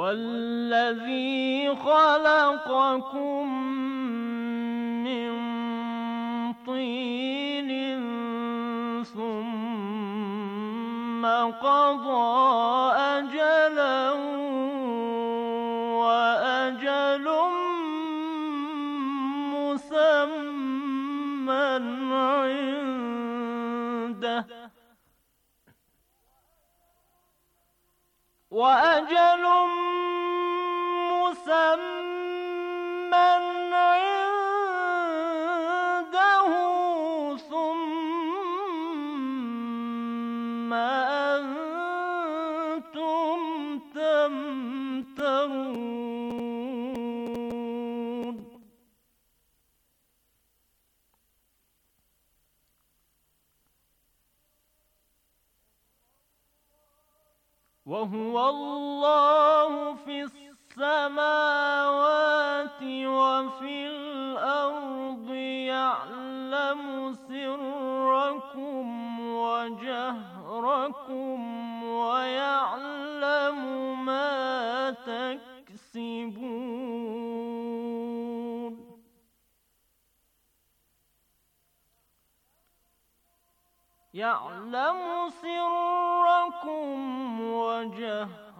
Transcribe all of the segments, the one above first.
والذي خلقكم من طين ثم قضى أجلا وأجل مسمى عنده وأجل مسمى مسمى عنده ثم أنتم تمترون وهو الله السماوات وفي الأرض يعلم سركم وجهركم ويعلم ما تكسبون يعلم سركم وجهركم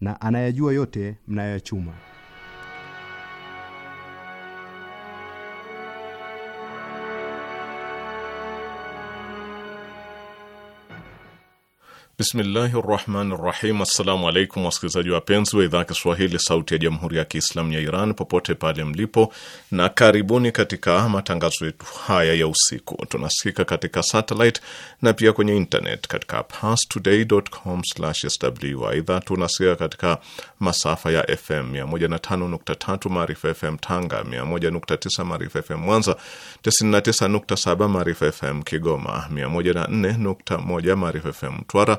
na anayajua yote mnayoyachuma. Bismillahi rahmani rahim. Assalamu alaikum wasikilizaji wapenzi wa idhaa Kiswahili sauti ya jamhuri ya Kiislamu ya Iran popote pale mlipo, na karibuni katika matangazo yetu haya ya usiku. Tunasikika katika satellite na pia kwenye internet katika pastodaycom sw Aidha, tunasikika katika masafa ya FM 105.3 Maarifa FM Tanga, 101.9 Maarifa FM Mwanza, 99.7 Maarifa FM Kigoma, 104.1 Maarifa FM Mtwara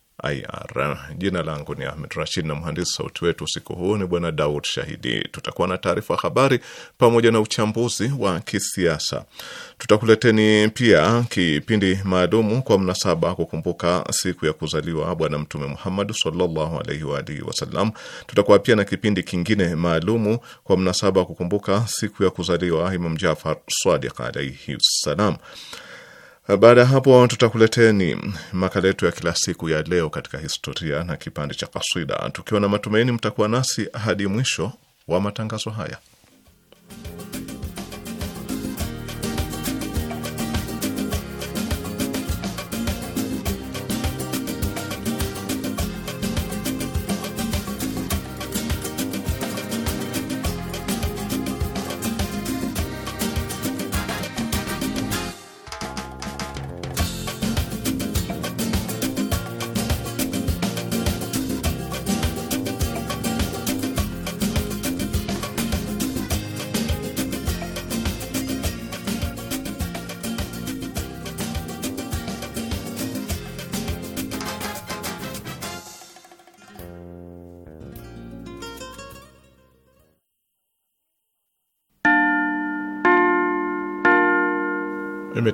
IR. Jina langu ni Ahmed Rashid na mhandisi sauti wetu usiku huu ni bwana Daud Shahidi. Tutakuwa na taarifa habari pamoja na uchambuzi wa kisiasa. Tutakuleteni pia kipindi maalumu kwa mnasaba kukumbuka siku ya kuzaliwa Bwana Mtume Muhammad sallallahu alaihi wa alihi wasallam. Tutakuwa pia na kipindi kingine maalumu kwa mnasaba kukumbuka siku ya kuzaliwa Imam Jafar Sadiq alaihi salam. Baada ya hapo tutakuleteni makala yetu ya kila siku ya leo katika historia na kipande cha kaswida, tukiwa na matumaini mtakuwa nasi hadi mwisho wa matangazo haya.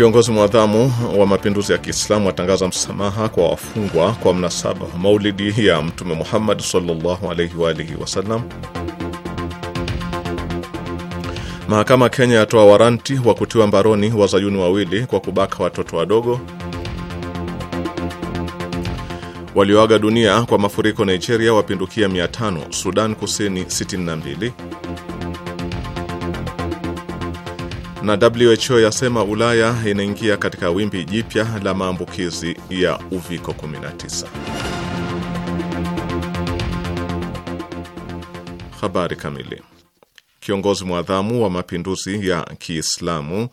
Kiongozi mwadhamu wa mapinduzi ya Kiislamu atangaza msamaha kwa wafungwa kwa mnasaba maulidi ya Mtume Muhammad sallallahu alaihi wa alihi wasallam. Mahakama Kenya yatoa waranti wa kutiwa mbaroni wazayuni wawili kwa kubaka watoto wadogo. Walioaga dunia kwa mafuriko Nigeria wapindukia 500, Sudan Kusini 62. Na WHO yasema Ulaya inaingia katika wimbi jipya la maambukizi ya uviko 19. Habari kamili. Kiongozi mwadhamu wa mapinduzi ya Kiislamu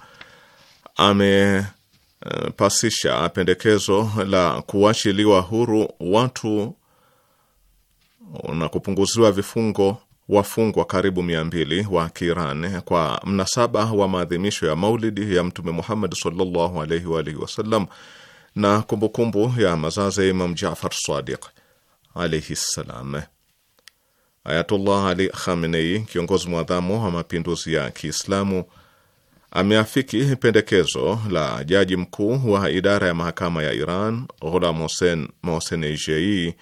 amepasisha pendekezo la kuachiliwa huru watu na kupunguziwa vifungo wafungwa karibu mia mbili wa Kiiran kwa mnasaba wa maadhimisho ya maulidi ya Mtume Muhammad sallallahu alaihi wa alihi wasallam na kumbukumbu kumbu ya mazazi ya Imam Jafar Sadiq alaihi ssalam. Ayatullah Ali Khamenei, kiongozi mwadhamu wa mapinduzi ya Kiislamu, ameafiki pendekezo la jaji mkuu wa idara ya mahakama ya Iran Ghulam Hussein Mohsen Ejei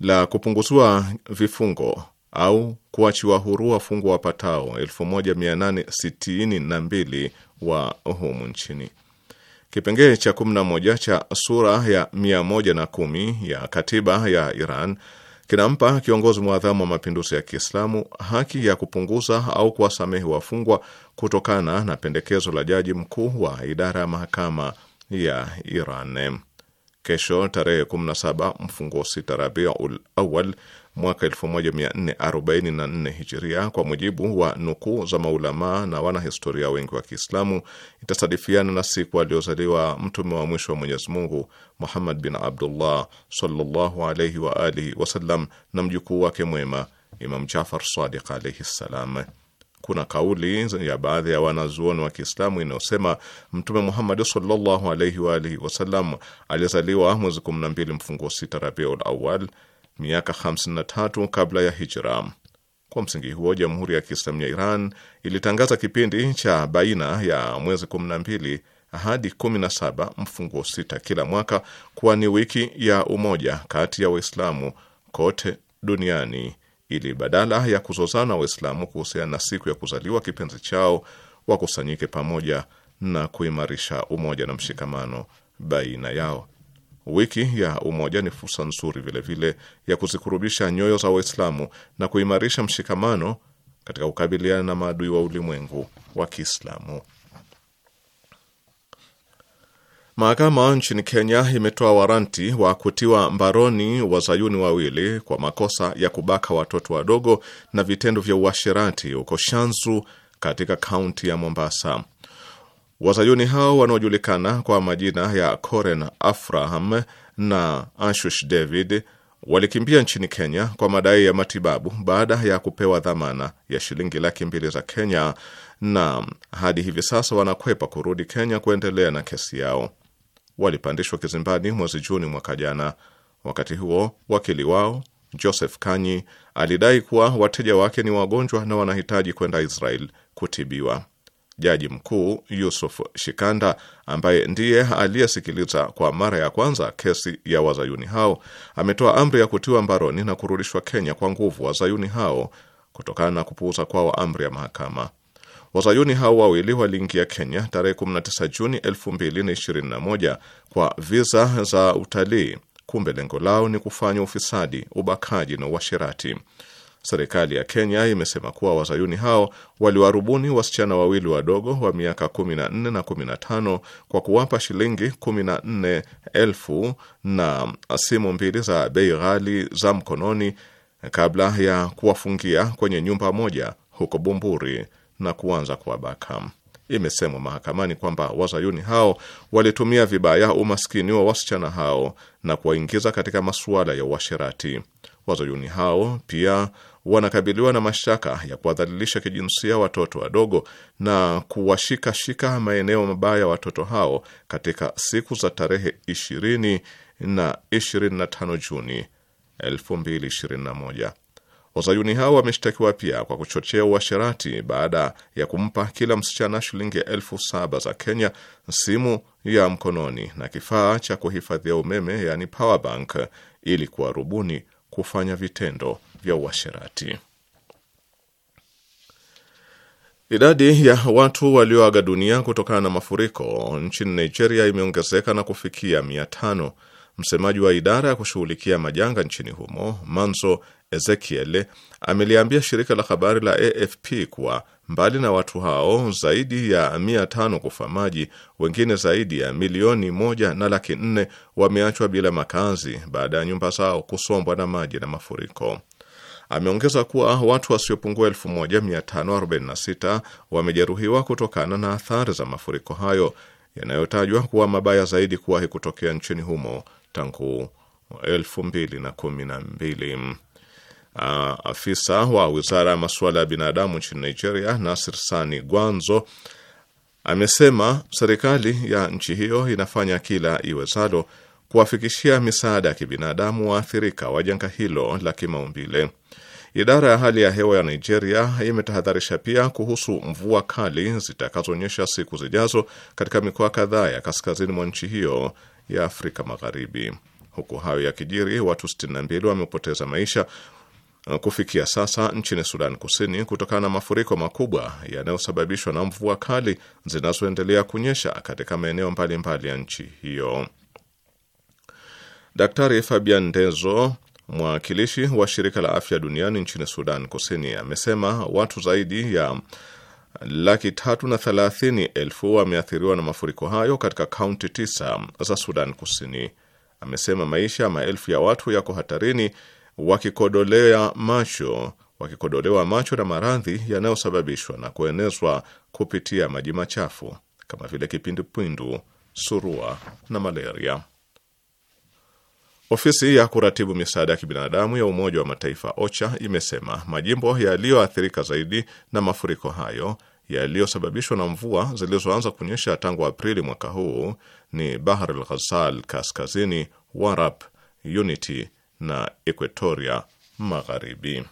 la kupunguziwa vifungo au kuachiwa huru wafungwa wapatao 1862 wa humu nchini. Kipengee cha 11 cha sura ya 110 ya katiba ya Iran kinampa kiongozi mwadhamu wa mapinduzi ya Kiislamu haki ya kupunguza au kuwasamehe wafungwa kutokana na pendekezo la jaji mkuu wa idara ya mahakama ya Iran. Kesho tarehe 17 mfungo 6 Rabiul Awal mwaka 1444 hijiria, kwa mujibu wa nukuu za maulamaa na wanahistoria wengi wa Kiislamu, itasadifiana na siku aliyozaliwa mtume wa mwisho wa Mwenyezi Mungu Muhammad bin Abdullah sallallahu alayhi wa alihi wasallam na mjukuu wake mwema Imam Jafar Sadiq alayhi ssalam. Kuna kauli ya baadhi ya wanazuoni wa Kiislamu inayosema Mtume Muhammad sallallahu alayhi wa alihi wasallam alizaliwa mwezi 12 mfungo 6 Rabiul miaka 53 kabla ya hijra. Kwa msingi huo, Jamhuri ya Kiislamu ya Iran ilitangaza kipindi cha baina ya mwezi 12 hadi 17 mfunguo 6 kila mwaka kuwa ni wiki ya umoja kati ya Waislamu kote duniani ili badala ya kuzozana Waislamu kuhusiana na siku ya kuzaliwa kipenzi chao wakusanyike pamoja na kuimarisha umoja na mshikamano baina yao. Wiki ya umoja ni fursa nzuri vilevile vile ya kuzikurubisha nyoyo za Waislamu na kuimarisha mshikamano katika kukabiliana na maadui wa ulimwengu wa Kiislamu. Mahakama nchini Kenya imetoa waranti wa kutiwa mbaroni wazayuni wawili kwa makosa ya kubaka watoto wadogo na vitendo vya uashirati huko Shanzu katika kaunti ya Mombasa. Wazayuni hao wanaojulikana kwa majina ya Koren Afraham na ashush David walikimbia nchini Kenya kwa madai ya matibabu baada ya kupewa dhamana ya shilingi laki mbili za Kenya, na hadi hivi sasa wanakwepa kurudi Kenya kuendelea na kesi yao. Walipandishwa kizimbani mwezi Juni mwaka jana. Wakati huo wakili wao Joseph Kanyi alidai kuwa wateja wake ni wagonjwa na wanahitaji kwenda Israel kutibiwa. Jaji mkuu Yusuf Shikanda, ambaye ndiye aliyesikiliza kwa mara ya kwanza kesi ya wazayuni hao, ametoa amri ya kutiwa mbaroni na kurudishwa Kenya kwa nguvu wazayuni hao kutokana na kupuuza kwao amri ya mahakama. Wazayuni hao wawili waliingia Kenya tarehe 19 Juni 2021 kwa viza za utalii. Kumbe lengo lao ni kufanya ufisadi, ubakaji na uasherati. Serikali ya Kenya imesema kuwa wazayuni hao waliwarubuni wasichana wawili wadogo wa miaka 14 na 15 kwa kuwapa shilingi 14 elfu na simu mbili za bei ghali za mkononi kabla ya kuwafungia kwenye nyumba moja huko Bumburi na kuanza kuwabaka. Imesemwa mahakamani kwamba wazayuni hao walitumia vibaya umaskini wa wasichana hao na kuwaingiza katika masuala ya uasherati. Wazayuni hao pia wanakabiliwa na mashtaka ya kuwadhalilisha kijinsia watoto wadogo na kuwashikashika maeneo mabaya watoto hao katika siku za tarehe 20 na 25 Juni 2021. Wazayuni hao wameshtakiwa pia kwa kuchochea uasherati baada ya kumpa kila msichana shilingi elfu saba za Kenya, simu ya mkononi na kifaa cha kuhifadhia umeme, yaani powerbank, ili kuwarubuni kufanya vitendo vya uasherati. Idadi ya watu walioaga dunia kutokana na mafuriko nchini Nigeria imeongezeka na kufikia mia tano. Msemaji wa idara ya kushughulikia majanga nchini humo Manzo Ezekiel ameliambia shirika la habari la AFP kuwa mbali na watu hao zaidi ya mia tano kufa maji, wengine zaidi ya milioni moja na laki nne wameachwa bila makazi baada ya nyumba zao kusombwa na maji na mafuriko. Ameongeza kuwa watu wasiopungua 1546 wamejeruhiwa kutokana na athari za mafuriko hayo yanayotajwa kuwa mabaya zaidi kuwahi kutokea nchini humo tangu 2012. Afisa wa wizara ya masuala ya binadamu nchini Nigeria, Nasir Sani Gwanzo, amesema serikali ya nchi hiyo inafanya kila iwezalo kuwafikishia misaada ya kibinadamu waathirika wa janga hilo la kimaumbile. Idara ya hali ya hewa ya Nigeria imetahadharisha pia kuhusu mvua kali zitakazonyesha siku zijazo katika mikoa kadhaa ya kaskazini mwa nchi hiyo ya Afrika Magharibi. Huku hayo ya kijiri, watu 62 wamepoteza maisha uh, kufikia sasa nchini Sudan Kusini kutokana na mafuriko makubwa yanayosababishwa na mvua kali zinazoendelea kunyesha katika maeneo mbalimbali ya nchi hiyo. Daktari Fabian Ndezo, mwakilishi wa shirika la afya duniani nchini Sudan Kusini, amesema watu zaidi ya laki tatu na thelathini elfu wameathiriwa na mafuriko hayo katika kaunti tisa za Sudan Kusini. Amesema maisha maelfu ya watu yako hatarini, wakikodolea macho wakikodolewa macho na maradhi yanayosababishwa na kuenezwa kupitia maji machafu kama vile kipindupindu, surua na malaria. Ofisi ya kuratibu misaada ya kibinadamu ya Umoja wa Mataifa OCHA imesema majimbo yaliyoathirika zaidi na mafuriko hayo yaliyosababishwa na mvua zilizoanza kunyesha tangu Aprili mwaka huu ni Bahar l Ghasal kaskazini, Warab, Unity na Equatoria magharibi.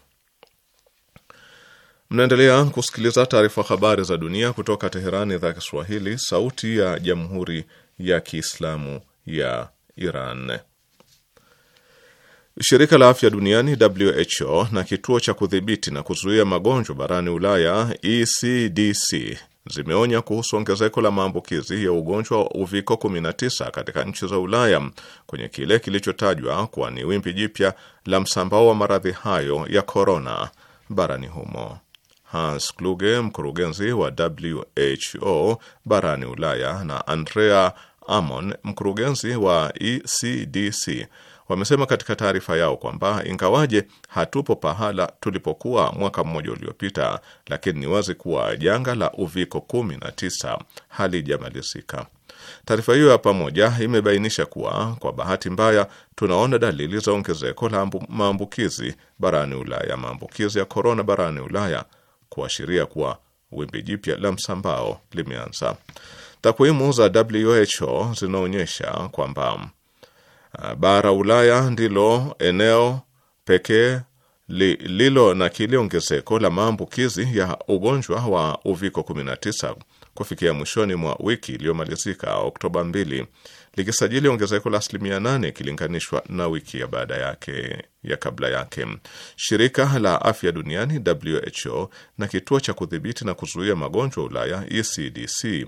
Mnaendelea kusikiliza taarifa habari za dunia kutoka Teherani, idhaa ya Kiswahili, sauti ya jamhuri ya kiislamu ya Iran. Shirika la afya duniani WHO na kituo cha kudhibiti na kuzuia magonjwa barani Ulaya ECDC zimeonya kuhusu ongezeko la maambukizi ya ugonjwa wa uviko 19 katika nchi za Ulaya kwenye kile kilichotajwa kuwa ni wimbi jipya la msambao wa maradhi hayo ya korona barani humo. Hans Kluge, mkurugenzi wa WHO barani Ulaya, na Andrea Amon, mkurugenzi wa ECDC wamesema katika taarifa yao kwamba ingawaje hatupo pahala tulipokuwa mwaka mmoja uliopita, lakini ni wazi kuwa janga la uviko 19 halijamalizika. Taarifa hiyo ya pamoja imebainisha kuwa kwa bahati mbaya, tunaona dalili za ongezeko la maambukizi barani Ulaya, maambukizi ya korona barani Ulaya, kuashiria kuwa wimbi jipya la msambao limeanza. Takwimu za WHO zinaonyesha kwamba Ah, bara Ulaya ndilo eneo pekee lililo na kile ongezeko la maambukizi ya ugonjwa wa uviko 19 kufikia mwishoni mwa wiki iliyomalizika Oktoba 2 likisajili ongezeko la asilimia 8 ikilinganishwa na wiki ya baada yake ya kabla yake. Shirika la afya duniani WHO na kituo cha kudhibiti na kuzuia magonjwa Ulaya ECDC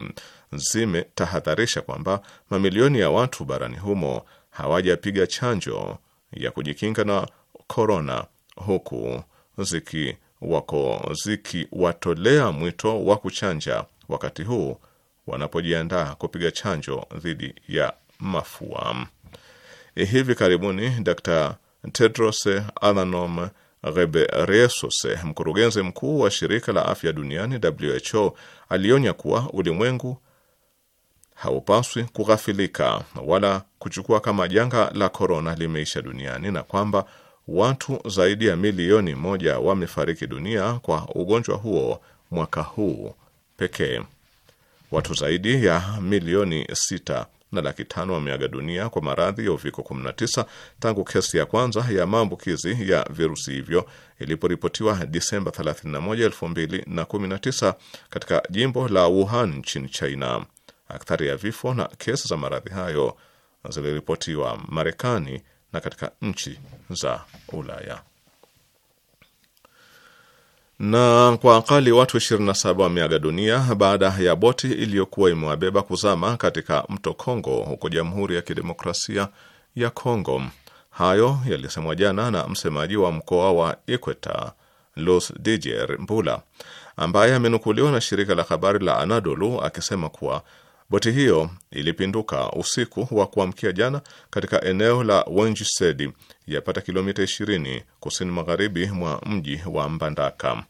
zimetahadharisha kwamba mamilioni ya watu barani humo hawajapiga chanjo ya kujikinga na korona, huku zikiwako zikiwatolea mwito wa kuchanja wakati huu wanapojiandaa kupiga chanjo dhidi ya mafua. Hivi karibuni Dr. Tedros Adhanom Ghebreyesus, mkurugenzi mkuu wa shirika la afya duniani WHO, alionya kuwa ulimwengu haupaswi kughafilika wala kuchukua kama janga la korona limeisha duniani na kwamba watu zaidi ya milioni moja wamefariki dunia kwa ugonjwa huo mwaka huu pekee. Watu zaidi ya milioni sita na laki tano wameaga dunia kwa maradhi ya uviko 19 tangu kesi ya kwanza ya maambukizi ya virusi hivyo iliporipotiwa Disemba 31, 2019 katika jimbo la Wuhan nchini China. Akthari ya vifo na kesi za maradhi hayo ziliripotiwa Marekani na katika nchi za Ulaya. Na kwa akali watu 27 wameaga dunia baada ya boti iliyokuwa imewabeba kuzama katika mto Kongo huko Jamhuri ya Kidemokrasia ya Kongo. Hayo yalisemwa jana na msemaji wa mkoa wa Ikweta Los Didier Mbula ambaye amenukuliwa na shirika la habari la Anadolu akisema kuwa Boti hiyo ilipinduka usiku wa kuamkia jana katika eneo la Wenjisedi, yapata kilomita 20 kusini magharibi mwa mji wa Mbandaka.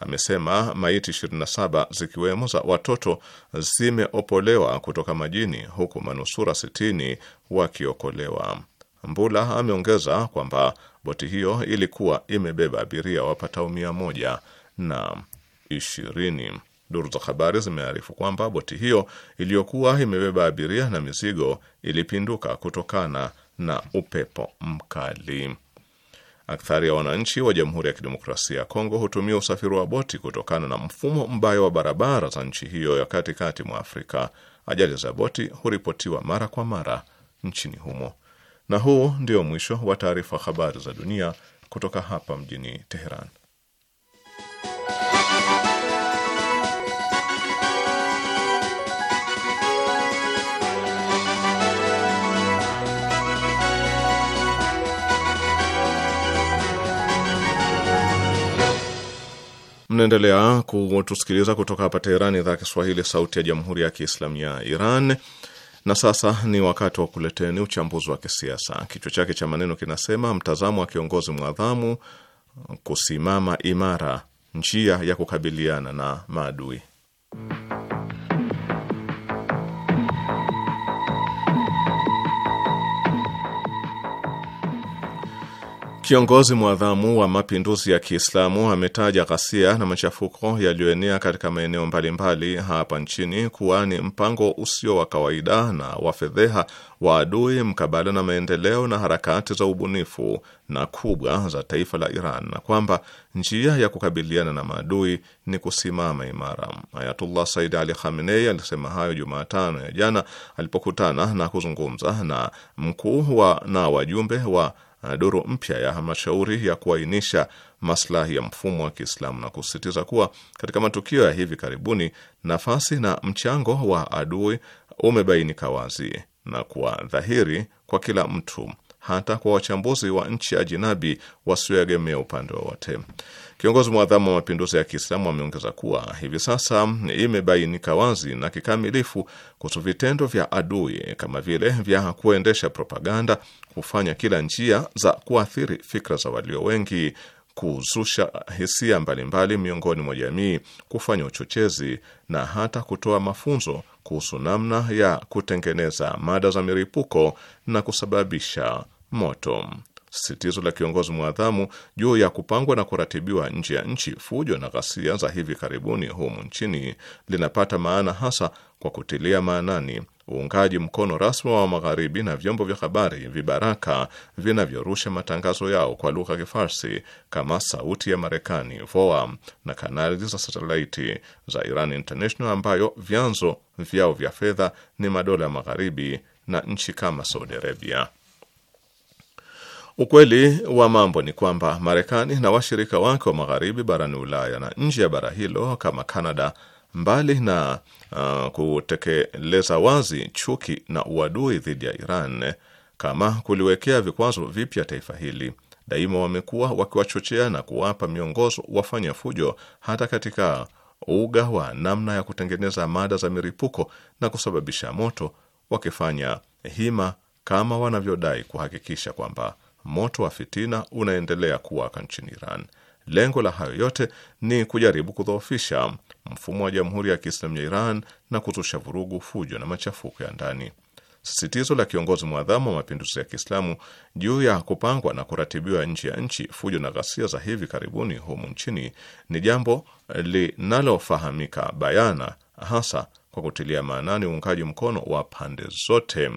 Amesema maiti 27 zikiwemo za watoto zimeopolewa kutoka majini huku manusura 60 wakiokolewa. Mbula ameongeza kwamba boti hiyo ilikuwa imebeba abiria wapatao mia moja na ishirini. Duru za habari zimearifu kwamba boti hiyo iliyokuwa imebeba abiria na mizigo ilipinduka kutokana na upepo mkali. Akthari ya wananchi wa Jamhuri ya Kidemokrasia ya Kongo hutumia usafiri wa boti kutokana na mfumo mbaya wa barabara za nchi hiyo ya katikati mwa Afrika. Ajali za boti huripotiwa mara kwa mara nchini humo. Na huu ndio mwisho wa taarifa habari za dunia kutoka hapa mjini Teheran. Mnaendelea kutusikiliza kutoka hapa Teherani, idhaa ya Kiswahili, sauti ya jamhuri ya kiislamu ya Iran. Na sasa ni wakati wa kuleteni uchambuzi wa kisiasa. Kichwa chake cha maneno kinasema mtazamo wa kiongozi mwadhamu, kusimama imara, njia ya kukabiliana na maadui. Kiongozi mwadhamu wa mapinduzi ya Kiislamu ametaja ghasia na machafuko yaliyoenea katika maeneo mbalimbali hapa nchini kuwa ni mpango usio wa kawaida na wa fedheha wa adui mkabala na maendeleo na harakati za ubunifu na kubwa za taifa la Iran na kwamba njia ya kukabiliana na maadui ni kusimama imara. Ayatullah Said Ali Khamenei alisema hayo Jumatano ya jana alipokutana na kuzungumza na mkuu wa na wajumbe wa duru mpya ya halmashauri ya kuainisha maslahi ya mfumo wa Kiislamu na kusisitiza kuwa katika matukio ya hivi karibuni nafasi na mchango wa adui umebainika wazi na kuwa dhahiri kwa kila mtu, hata kwa wachambuzi wa nchi ajinabi wasioegemea upande wowote wa Kiongozi mwadhamu wa mapinduzi ya Kiislamu ameongeza kuwa hivi sasa imebainika wazi na kikamilifu kuhusu vitendo vya adui kama vile vya kuendesha propaganda, kufanya kila njia za kuathiri fikra za walio wengi, kuzusha hisia mbalimbali miongoni mwa jamii, kufanya uchochezi na hata kutoa mafunzo kuhusu namna ya kutengeneza mada za miripuko na kusababisha moto sisitizo la kiongozi mwadhamu juu ya kupangwa na kuratibiwa nje ya nchi fujo na ghasia za hivi karibuni humu nchini linapata maana hasa kwa kutilia maanani uungaji mkono rasmi wa Magharibi na vyombo vya habari vibaraka vinavyorusha matangazo yao kwa lugha ya Kifarsi kama Sauti ya Marekani, VOA na kanali za satelaiti za Iran International, ambayo vyanzo vyao vya fedha ni madola ya Magharibi na nchi kama Saudi Arabia. Ukweli wa mambo ni kwamba Marekani na washirika wake wa magharibi barani Ulaya na nje ya bara hilo kama Kanada, mbali na uh, kutekeleza wazi chuki na uadui dhidi ya Iran kama kuliwekea vikwazo vipya taifa hili, daima wamekuwa wakiwachochea na kuwapa miongozo wafanya fujo, hata katika uga wa namna ya kutengeneza mada za miripuko na kusababisha moto, wakifanya hima kama wanavyodai kuhakikisha kwamba moto wa fitina unaendelea kuwaka nchini Iran. Lengo la hayo yote ni kujaribu kudhoofisha mfumo wa Jamhuri ya Kiislamu ya Iran na kuzusha vurugu, fujo na machafuko ya ndani. Sisitizo la kiongozi mwadhamu wa mapinduzi ya Kiislamu juu ya kupangwa na kuratibiwa nchi ya nchi fujo na ghasia za hivi karibuni humu nchini ni jambo linalofahamika bayana, hasa kwa kutilia maanani uungaji mkono wa pande zote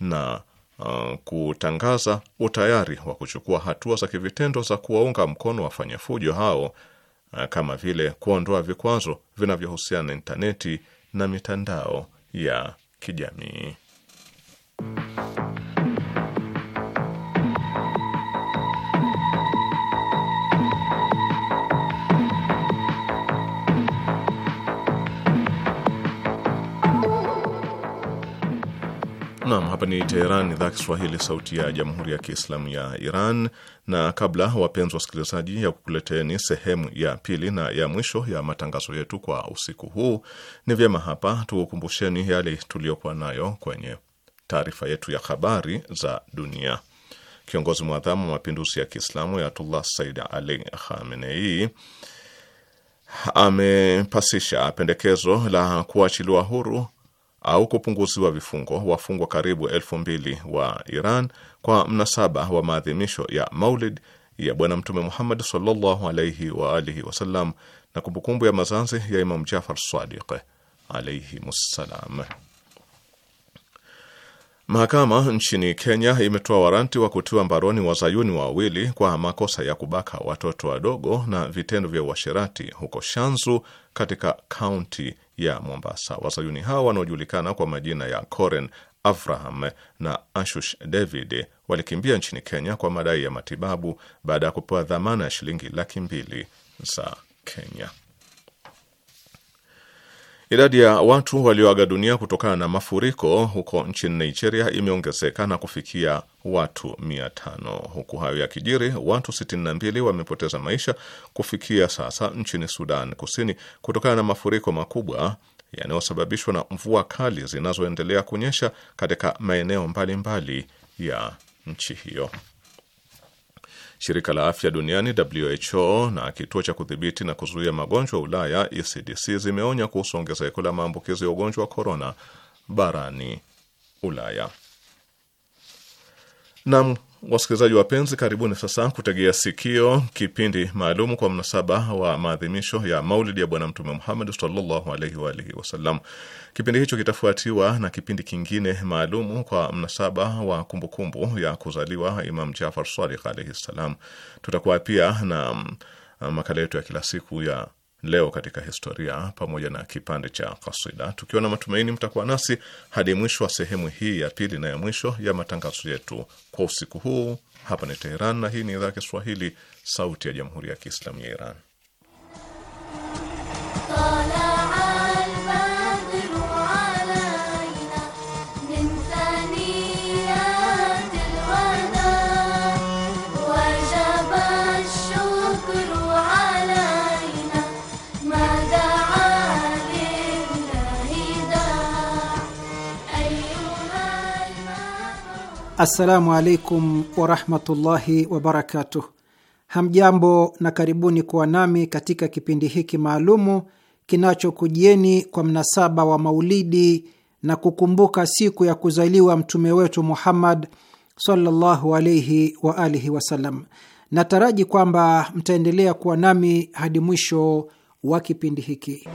na Uh, kutangaza utayari wa kuchukua hatua za kivitendo za kuwaunga mkono wafanya fujo hao, uh, kama vile kuondoa vikwazo vinavyohusiana na intaneti na mitandao ya kijamii. Hapa ni Teheran, idhaa Kiswahili, sauti ya jamhuri ya kiislamu ya Iran. Na kabla, wapenzi wasikilizaji, ya kukuleteni sehemu ya pili na ya mwisho ya matangazo yetu kwa usiku huu, ni vyema hapa tukukumbusheni yale tuliyokuwa nayo kwenye taarifa yetu ya habari za dunia. Kiongozi mwadhamu wa mapinduzi ya Kiislamu Ayatullah Said Ali Khamenei amepasisha pendekezo la kuachiliwa huru au kupunguziwa vifungo wafungwa karibu elfu mbili wa Iran kwa mnasaba wa maadhimisho ya Maulid ya Bwana Mtume Muhammad sallallahu alaihi wa alihi wasallam na kumbukumbu ya mazanzi ya Imam Jafar Sadiq alaihimussalam. Mahakama nchini Kenya imetoa waranti wa kutiwa mbaroni wazayuni wawili kwa makosa ya kubaka watoto wadogo na vitendo vya uasherati huko Shanzu katika kaunti ya Mombasa. Wazayuni hao wanaojulikana kwa majina ya coren Avraham na Ashush David walikimbia nchini Kenya kwa madai ya matibabu baada ya kupewa dhamana ya shilingi laki mbili za Kenya. Idadi ya watu walioaga dunia kutokana na mafuriko huko nchini Nigeria imeongezeka na kufikia watu mia tano. Huku hayo ya kijiri, watu 62 wamepoteza maisha kufikia sasa nchini Sudan Kusini kutokana na mafuriko makubwa yanayosababishwa na mvua kali zinazoendelea kunyesha katika maeneo mbalimbali mbali ya nchi hiyo. Shirika la afya duniani WHO na kituo cha kudhibiti na kuzuia magonjwa Ulaya ECDC zimeonya kuhusu ongezeko la maambukizi ya ugonjwa wa korona barani Ulaya. Nam Wasikilizaji wapenzi, karibuni sasa kutegea sikio kipindi maalum kwa mnasaba wa maadhimisho ya maulidi ya Bwana Mtume Muhammad sallallahu alaihi wa alihi wasallam. Kipindi hicho kitafuatiwa na kipindi kingine maalumu kwa mnasaba wa kumbukumbu kumbu ya kuzaliwa Imam Jafar Sadiq alaihi ssalam. Tutakuwa pia na mm, makala yetu ya kila siku ya leo katika historia pamoja na kipande cha kasida, tukiwa na matumaini mtakuwa nasi hadi mwisho wa sehemu hii ya pili na ya mwisho ya matangazo yetu kwa usiku huu. Hapa ni Teheran na hii ni idhaa ya Kiswahili, sauti ya jamhuri ya kiislamu ya Iran. Assalamu alaikum warahmatullahi wabarakatuh. Hamjambo na karibuni kuwa nami katika kipindi hiki maalumu kinachokujieni kwa mnasaba wa Maulidi na kukumbuka siku ya kuzaliwa mtume wetu Muhammad sallallahu alaihi wa alihi wasallam. Nataraji kwamba mtaendelea kuwa nami hadi mwisho wa kipindi hiki.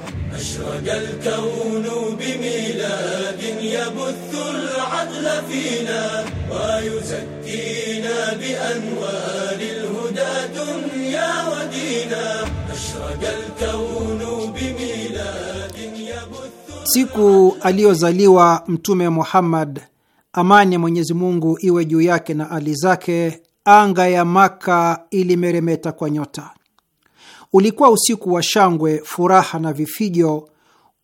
Siku aliyozaliwa Mtume Muhammad, amani ya Mwenyezi Mungu iwe juu yake na ali zake, anga ya Maka ilimeremeta kwa nyota. Ulikuwa usiku wa shangwe, furaha na vifijo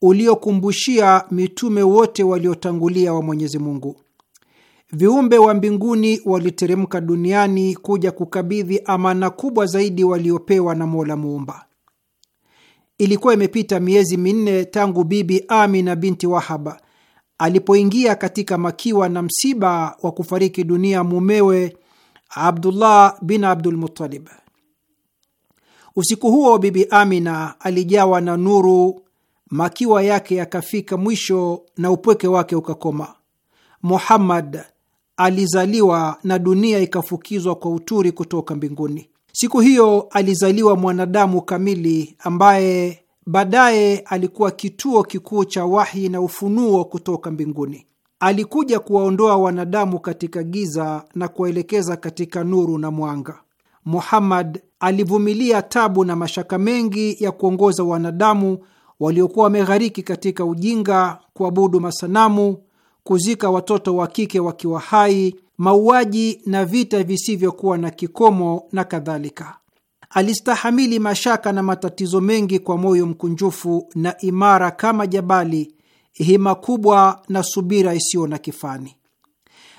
uliokumbushia mitume wote waliotangulia wa Mwenyezi Mungu. Viumbe wa mbinguni waliteremka duniani kuja kukabidhi amana kubwa zaidi waliopewa na Mola Muumba. Ilikuwa imepita miezi minne tangu Bibi Amina binti Wahaba alipoingia katika makiwa na msiba wa kufariki dunia mumewe Abdullah bin Abdul Muttalib. Usiku huo Bibi Amina alijawa na nuru, makiwa yake yakafika mwisho na upweke wake ukakoma. Muhammad alizaliwa na dunia ikafukizwa kwa uturi kutoka mbinguni. Siku hiyo alizaliwa mwanadamu kamili ambaye baadaye alikuwa kituo kikuu cha wahi na ufunuo kutoka mbinguni. Alikuja kuwaondoa wanadamu katika giza na kuwaelekeza katika nuru na mwanga. Muhammad alivumilia tabu na mashaka mengi ya kuongoza wanadamu waliokuwa wameghariki katika ujinga, kuabudu masanamu, kuzika watoto wa kike wakiwa hai, mauaji na vita visivyokuwa na kikomo na kadhalika. Alistahamili mashaka na matatizo mengi kwa moyo mkunjufu na imara kama jabali, hima kubwa na subira isiyo na kifani.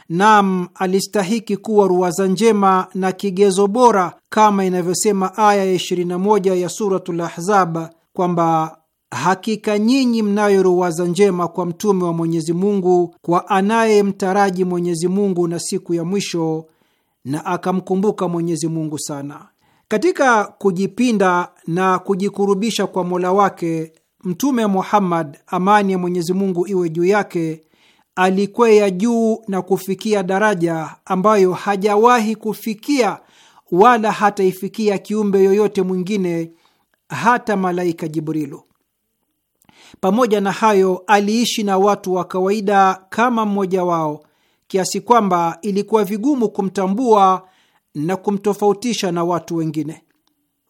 Naam, alistahiki kuwa ruwaza njema na kigezo bora, kama inavyosema aya ya 21 ya Suratul Ahzab kwamba hakika nyinyi mnayo ruwaza njema kwa mtume wa Mwenyezi Mungu, kwa anayemtaraji Mwenyezi Mungu na siku ya mwisho na akamkumbuka Mwenyezi Mungu sana. Katika kujipinda na kujikurubisha kwa mola wake, Mtume Muhammad, amani ya Mwenyezi Mungu iwe juu yake, alikwea juu na kufikia daraja ambayo hajawahi kufikia wala hataifikia kiumbe yoyote mwingine, hata malaika Jibrilu. Pamoja na hayo, aliishi na watu wa kawaida kama mmoja wao, kiasi kwamba ilikuwa vigumu kumtambua na kumtofautisha na watu wengine.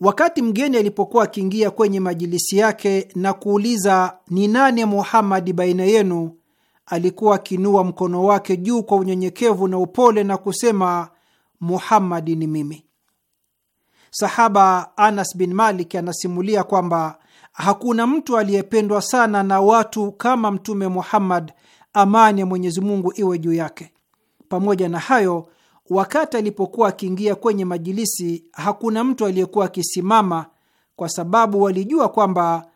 Wakati mgeni alipokuwa akiingia kwenye majilisi yake na kuuliza ni nani Muhammadi baina yenu, alikuwa akiinua mkono wake juu kwa unyenyekevu na upole na kusema, Muhammadi ni mimi. Sahaba Anas bin Malik anasimulia kwamba hakuna mtu aliyependwa sana na watu kama Mtume Muhammad, amani ya Mwenyezi Mungu iwe juu yake. Pamoja na hayo, wakati alipokuwa akiingia kwenye majilisi, hakuna mtu aliyekuwa akisimama, kwa sababu walijua kwamba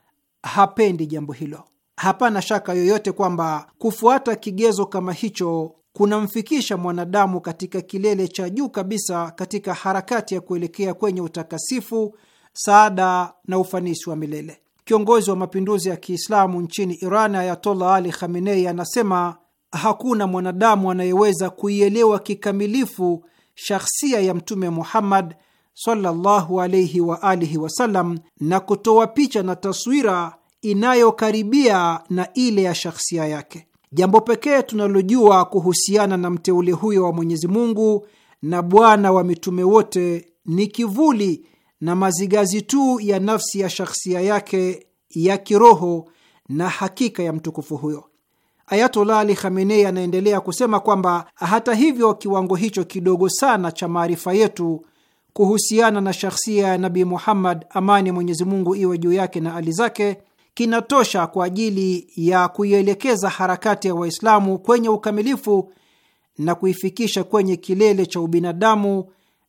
hapendi jambo hilo. Hapana shaka yoyote kwamba kufuata kigezo kama hicho kunamfikisha mwanadamu katika kilele cha juu kabisa katika harakati ya kuelekea kwenye utakasifu, saada na ufanisi wa milele. Kiongozi wa mapinduzi ya Kiislamu nchini Iran, Ayatollah Ali Khamenei, anasema hakuna mwanadamu anayeweza kuielewa kikamilifu shahsia ya Mtume Muhammad sallallahu alaihi wa alihi wasallam na kutoa picha na taswira inayokaribia na ile ya shakhsia yake. Jambo pekee tunalojua kuhusiana na mteule huyo wa Mwenyezi Mungu na bwana wa mitume wote ni kivuli na mazigazi tu ya nafsi ya shakhsia yake ya kiroho na hakika ya mtukufu huyo. Ayatollah Ali Khamenei anaendelea kusema kwamba hata hivyo, kiwango hicho kidogo sana cha maarifa yetu kuhusiana na shakhsia ya Nabii Muhammad, amani ya Mwenyezi Mungu iwe juu yake na ali zake, kinatosha kwa ajili ya kuielekeza harakati ya Waislamu kwenye ukamilifu na kuifikisha kwenye kilele cha ubinadamu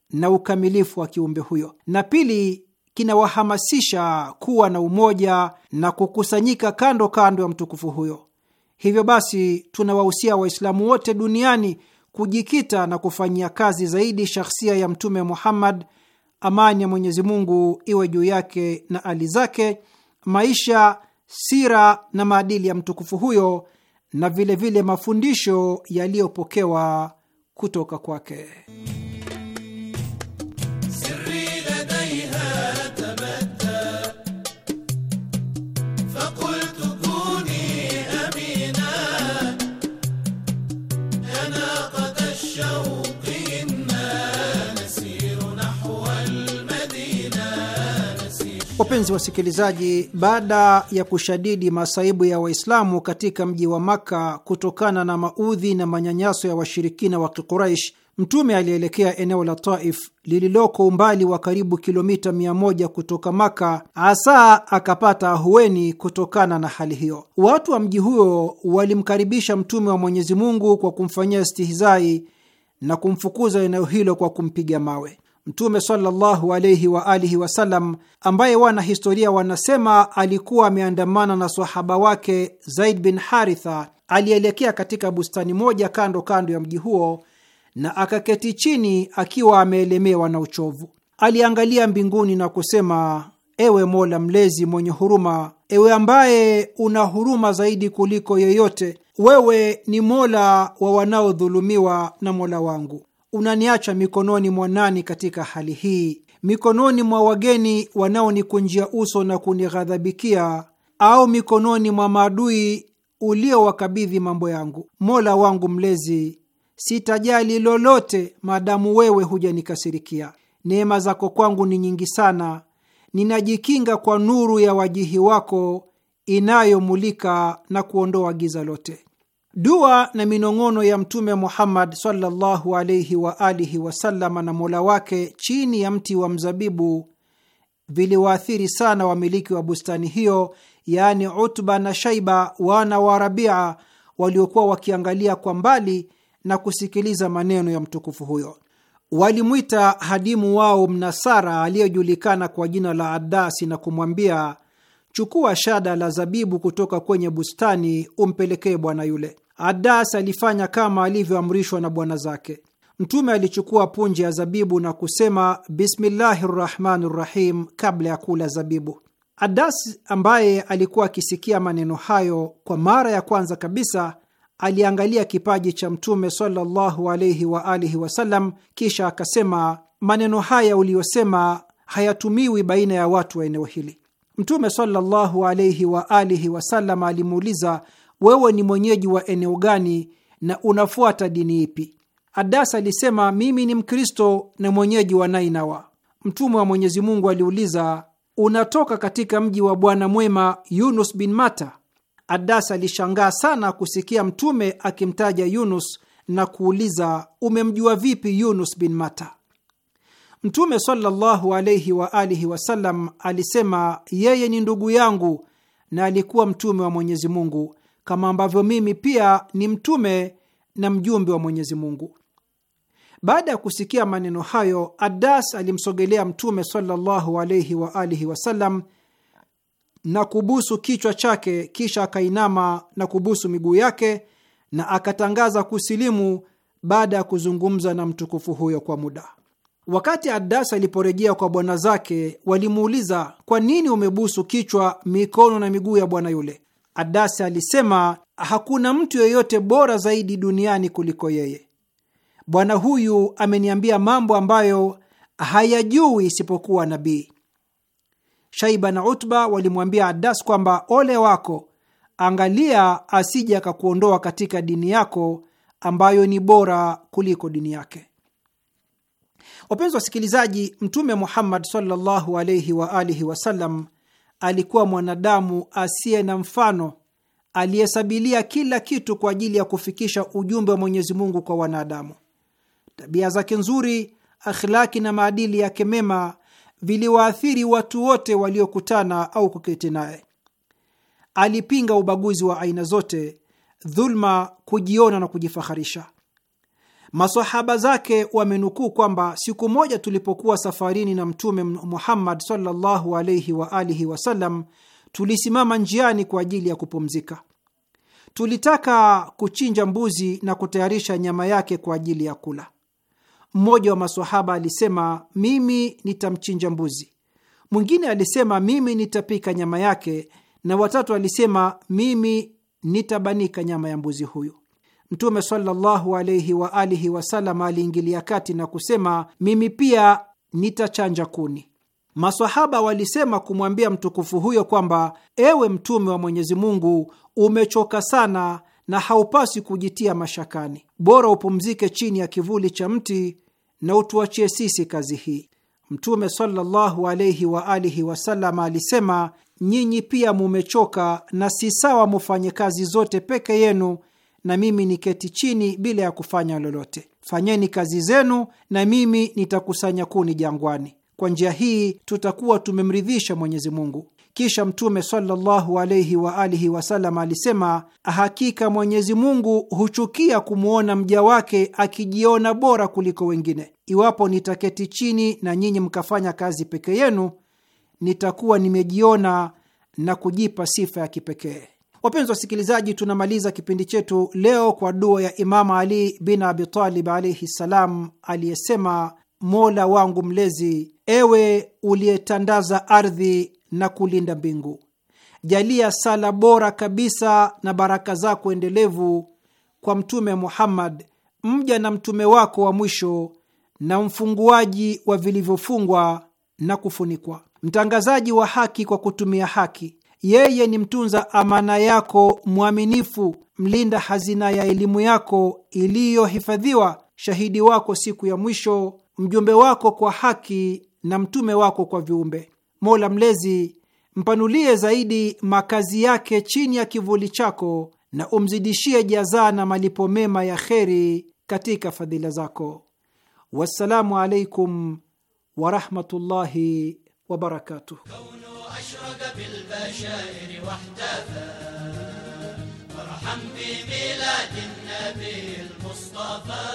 na ukamilifu wa kiumbe huyo, na pili, kinawahamasisha kuwa na umoja na kukusanyika kando kando ya mtukufu huyo. Hivyo basi, tunawahusia Waislamu wote duniani kujikita na kufanyia kazi zaidi shakhsia ya Mtume Muhammad, amani ya Mwenyezi Mungu iwe juu yake na ali zake maisha, sira na maadili ya mtukufu huyo na vilevile vile mafundisho yaliyopokewa kutoka kwake. Wapenzi wasikilizaji, baada ya kushadidi masaibu ya Waislamu katika mji wa Makka kutokana na maudhi na manyanyaso ya washirikina wa Kiquraish, Mtume alielekea eneo la Taif lililoko umbali wa karibu kilomita i1 kutoka Maka, hasa akapata ahueni kutokana na hali hiyo. Watu wa mji huyo walimkaribisha Mtume wa Mwenyezi Mungu kwa kumfanyia stihizai na kumfukuza eneo hilo kwa kumpiga mawe. Mtume sallallahu alaihi wa alihi wasallam, ambaye wanahistoria wanasema alikuwa ameandamana na sahaba wake Zaid bin Haritha, alielekea katika bustani moja kando kando ya mji huo na akaketi chini akiwa ameelemewa na uchovu. Aliangalia mbinguni na kusema, ewe Mola Mlezi mwenye huruma, ewe ambaye una huruma zaidi kuliko yeyote, wewe ni Mola wa wanaodhulumiwa na Mola wangu unaniacha mikononi mwa nani katika hali hii? Mikononi mwa wageni wanaonikunjia uso na kunighadhabikia, au mikononi mwa maadui uliowakabidhi mambo yangu? Mola wangu Mlezi, sitajali lolote maadamu wewe hujanikasirikia. Neema zako kwangu ni nyingi sana. Ninajikinga kwa nuru ya wajihi wako inayomulika na kuondoa giza lote. Dua na minong'ono ya Mtume Muhammad sallallahu alaihi wa alihi wasalama na mola wake chini ya mti wa mzabibu viliwaathiri sana wamiliki wa bustani hiyo, yaani Utba na Shaiba wana wa Rabia waliokuwa wakiangalia kwa mbali na kusikiliza maneno ya mtukufu huyo. Walimwita hadimu wao mnasara aliyejulikana kwa jina la Adasi na kumwambia chukua shada la zabibu kutoka kwenye bustani umpelekee bwana yule. Adas alifanya kama alivyoamrishwa na bwana zake. Mtume alichukua punje ya zabibu na kusema bismillahi rahmani rrahim kabla ya kula zabibu. Adas ambaye alikuwa akisikia maneno hayo kwa mara ya kwanza kabisa aliangalia kipaji cha Mtume sallallahu alaihi wa alihi wasallam, kisha akasema, maneno haya uliyosema hayatumiwi baina ya watu wa eneo hili. Mtume sallallahu alaihi wa alihi wasallam alimuuliza, wewe ni mwenyeji wa eneo gani na unafuata dini ipi? Adas alisema, mimi ni Mkristo na mwenyeji wa Nainawa. Mtume wa Mwenyezi Mungu aliuliza, unatoka katika mji wa bwana mwema Yunus bin Mata? Adas alishangaa sana kusikia Mtume akimtaja Yunus na kuuliza, umemjua vipi Yunus bin Mata? Mtume sallallahu alaihi wa alihi wasallam alisema, yeye ni ndugu yangu na alikuwa mtume wa Mwenyezi Mungu kama ambavyo mimi pia ni mtume na mjumbe wa Mwenyezi Mungu. Baada ya kusikia maneno hayo, Adas alimsogelea Mtume sallallahu alaihi wa alihi wasallam na kubusu kichwa chake, kisha akainama na kubusu miguu yake na akatangaza kusilimu baada ya kuzungumza na mtukufu huyo kwa muda. Wakati Adasa aliporejea kwa bwana zake, walimuuliza kwa nini umebusu kichwa, mikono na miguu ya bwana yule? Adasa alisema hakuna mtu yeyote bora zaidi duniani kuliko yeye. Bwana huyu ameniambia mambo ambayo hayajui isipokuwa nabii. Shaiba na Utba walimwambia Adas kwamba ole wako, angalia asije akakuondoa katika dini yako ambayo ni bora kuliko dini yake. Wapenzi wasikilizaji, Mtume Muhammad sallallahu alaihi wa alihi wasallam alikuwa mwanadamu asiye na mfano aliyesabilia kila kitu kwa ajili ya kufikisha ujumbe wa Mwenyezi Mungu kwa wanadamu. Tabia zake nzuri, akhlaki na maadili yake mema viliwaathiri watu wote waliokutana au kuketi naye. Alipinga ubaguzi wa aina zote, dhulma, kujiona na kujifaharisha. Masahaba zake wamenukuu kwamba siku moja tulipokuwa safarini na Mtume Muhammad sallallahu alaihi wa alihi wasallam, tulisimama njiani kwa ajili ya kupumzika. Tulitaka kuchinja mbuzi na kutayarisha nyama yake kwa ajili ya kula. Mmoja wa masahaba alisema, mimi nitamchinja mbuzi, mwingine alisema, mimi nitapika nyama yake, na watatu alisema, mimi nitabanika nyama ya mbuzi huyu. Mtume sallallahu wa alihi wasallam aliingilia kati na kusema, mimi pia nitachanja kuni. Masahaba walisema kumwambia mtukufu huyo kwamba, ewe Mtume wa Mwenyezi Mungu, umechoka sana na haupasi kujitia mashakani, bora upumzike chini ya kivuli cha mti na utuachie sisi kazi hii. Mtume sallallahu alaihi wa alihi wasallam alisema, nyinyi pia mumechoka na si sawa mufanye kazi zote peke yenu na mimi niketi chini bila ya kufanya lolote. Fanyeni kazi zenu na mimi nitakusanya kuni jangwani. Kwa njia hii tutakuwa tumemridhisha Mwenyezi Mungu. Kisha Mtume sallallahu alaihi wa alihi wasallam alisema, hakika Mwenyezi Mungu huchukia kumwona mja wake akijiona bora kuliko wengine. Iwapo nitaketi chini na nyinyi mkafanya kazi peke yenu, nitakuwa nimejiona na kujipa sifa ya kipekee. Wapenzi wasikilizaji, tunamaliza kipindi chetu leo kwa dua ya Imamu Ali bin Abitalib alaihi ssalam, aliyesema: Mola wangu Mlezi, ewe uliyetandaza ardhi na kulinda mbingu, jalia sala bora kabisa na baraka zako endelevu kwa Mtume Muhammad, mja na mtume wako wa mwisho, na mfunguaji wa vilivyofungwa na kufunikwa, mtangazaji wa haki kwa kutumia haki yeye ni mtunza amana yako mwaminifu, mlinda hazina ya elimu yako iliyohifadhiwa, shahidi wako siku ya mwisho, mjumbe wako kwa haki na mtume wako kwa viumbe. Mola Mlezi, Mpanulie zaidi makazi yake chini ya kivuli chako na umzidishie jazaa na malipo mema ya kheri katika fadhila zako. Wassalamu alaikum warahmatullahi wabarakatuh. أشرق بالبشائر واحتفى فرحا بميلاد النبي المصطفى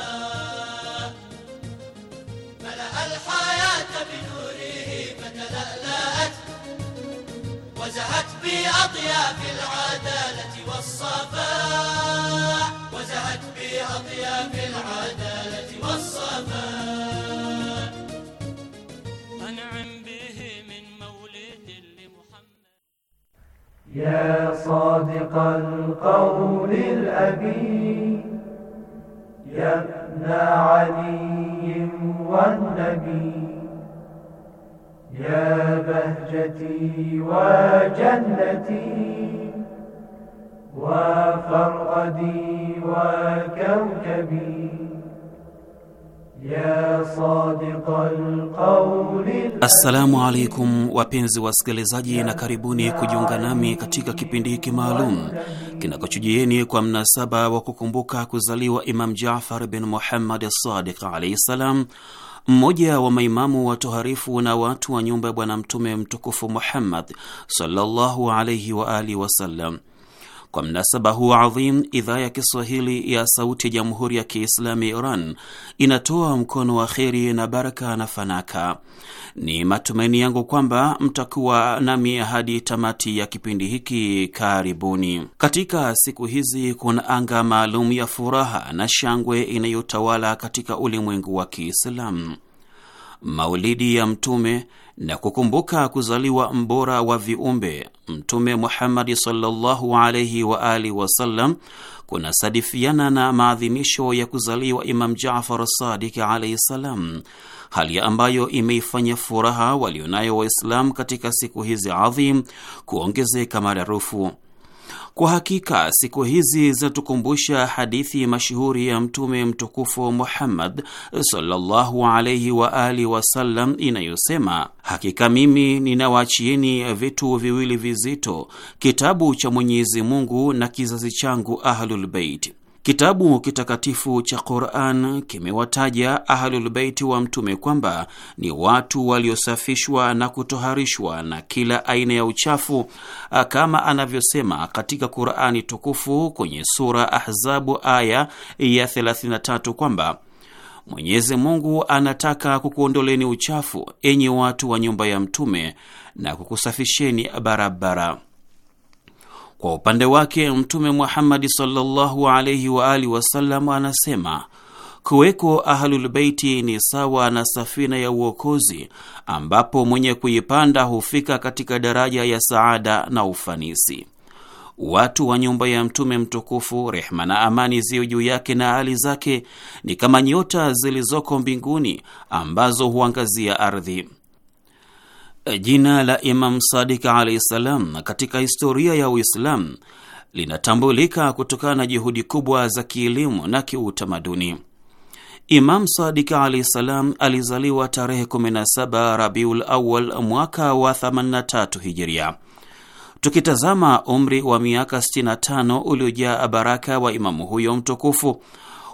ملأ الحياة بنوره فتلألأت وزهت بأطياف العدالة والصفاء وزهت بأطياف العدالة والصفاء أنعم يا صادق القول الأبي يا ابن علي والنبي يا بهجتي وجنتي وفرقدي وكوكبي Assalamu alaikum wapenzi wasikilizaji, na karibuni kujiunga nami katika kipindi hiki maalum kinakochujieni kwa mnasaba wa kukumbuka kuzaliwa Imam Jafar bin Muhammad Sadiq alaihi ssalam, mmoja wa maimamu watoharifu na watu wa nyumba ya Bwana Mtume mtukufu Muhammad sallallahu alaihi wa wasallam wa kwa mnasaba huu adhim, idhaa ya Kiswahili ya Sauti ya Jamhuri ya Kiislamu ya Iran inatoa mkono wa kheri na baraka na fanaka. Ni matumaini yangu kwamba mtakuwa nami hadi tamati ya kipindi hiki. Karibuni. Katika siku hizi kuna anga maalum ya furaha na shangwe inayotawala katika ulimwengu wa Kiislamu. Maulidi ya Mtume na kukumbuka kuzaliwa mbora wa viumbe Mtume Muhammadi sallallahu alaihi wa alihi wasallam kunasadifiana na maadhimisho ya kuzaliwa Imam Jafar Sadik alaihi salam, hali ambayo imeifanya furaha walionayo Waislamu katika siku hizi adhim kuongezeka maradufu. Kwa hakika siku hizi zatukumbusha hadithi mashuhuri ya Mtume mtukufu Muhammad sallallahu alaihi wa wasallam inayosema, hakika mimi ninawaachieni vitu viwili vizito, kitabu cha Mwenyezi Mungu na kizazi changu Ahlulbeit. Kitabu kitakatifu cha Quran kimewataja Ahlulbeiti wa Mtume kwamba ni watu waliosafishwa na kutoharishwa na kila aina ya uchafu, kama anavyosema katika Qurani tukufu kwenye sura Ahzabu aya ya 33 kwamba Mwenyezi Mungu anataka kukuondoleni uchafu, enyi watu wa nyumba ya Mtume, na kukusafisheni barabara. Kwa upande wake Mtume Muhammadi sallallahu alaihi wa alihi wasallam anasema kuweko Ahlulbeiti ni sawa na safina ya uokozi ambapo mwenye kuipanda hufika katika daraja ya saada na ufanisi. Watu wa nyumba ya mtume mtukufu, rehma na amani ziwe juu yake na hali zake, ni kama nyota zilizoko mbinguni ambazo huangazia ardhi. Jina la Imam Sadik alaihi salam katika historia ya Uislamu linatambulika kutokana na juhudi kubwa za kielimu na kiutamaduni. Imam Sadik alaihi ssalam alizaliwa tarehe 17 Rabiul Awal mwaka wa 83 Hijiria. Tukitazama umri wa miaka 65 uliojaa baraka wa imamu huyo mtukufu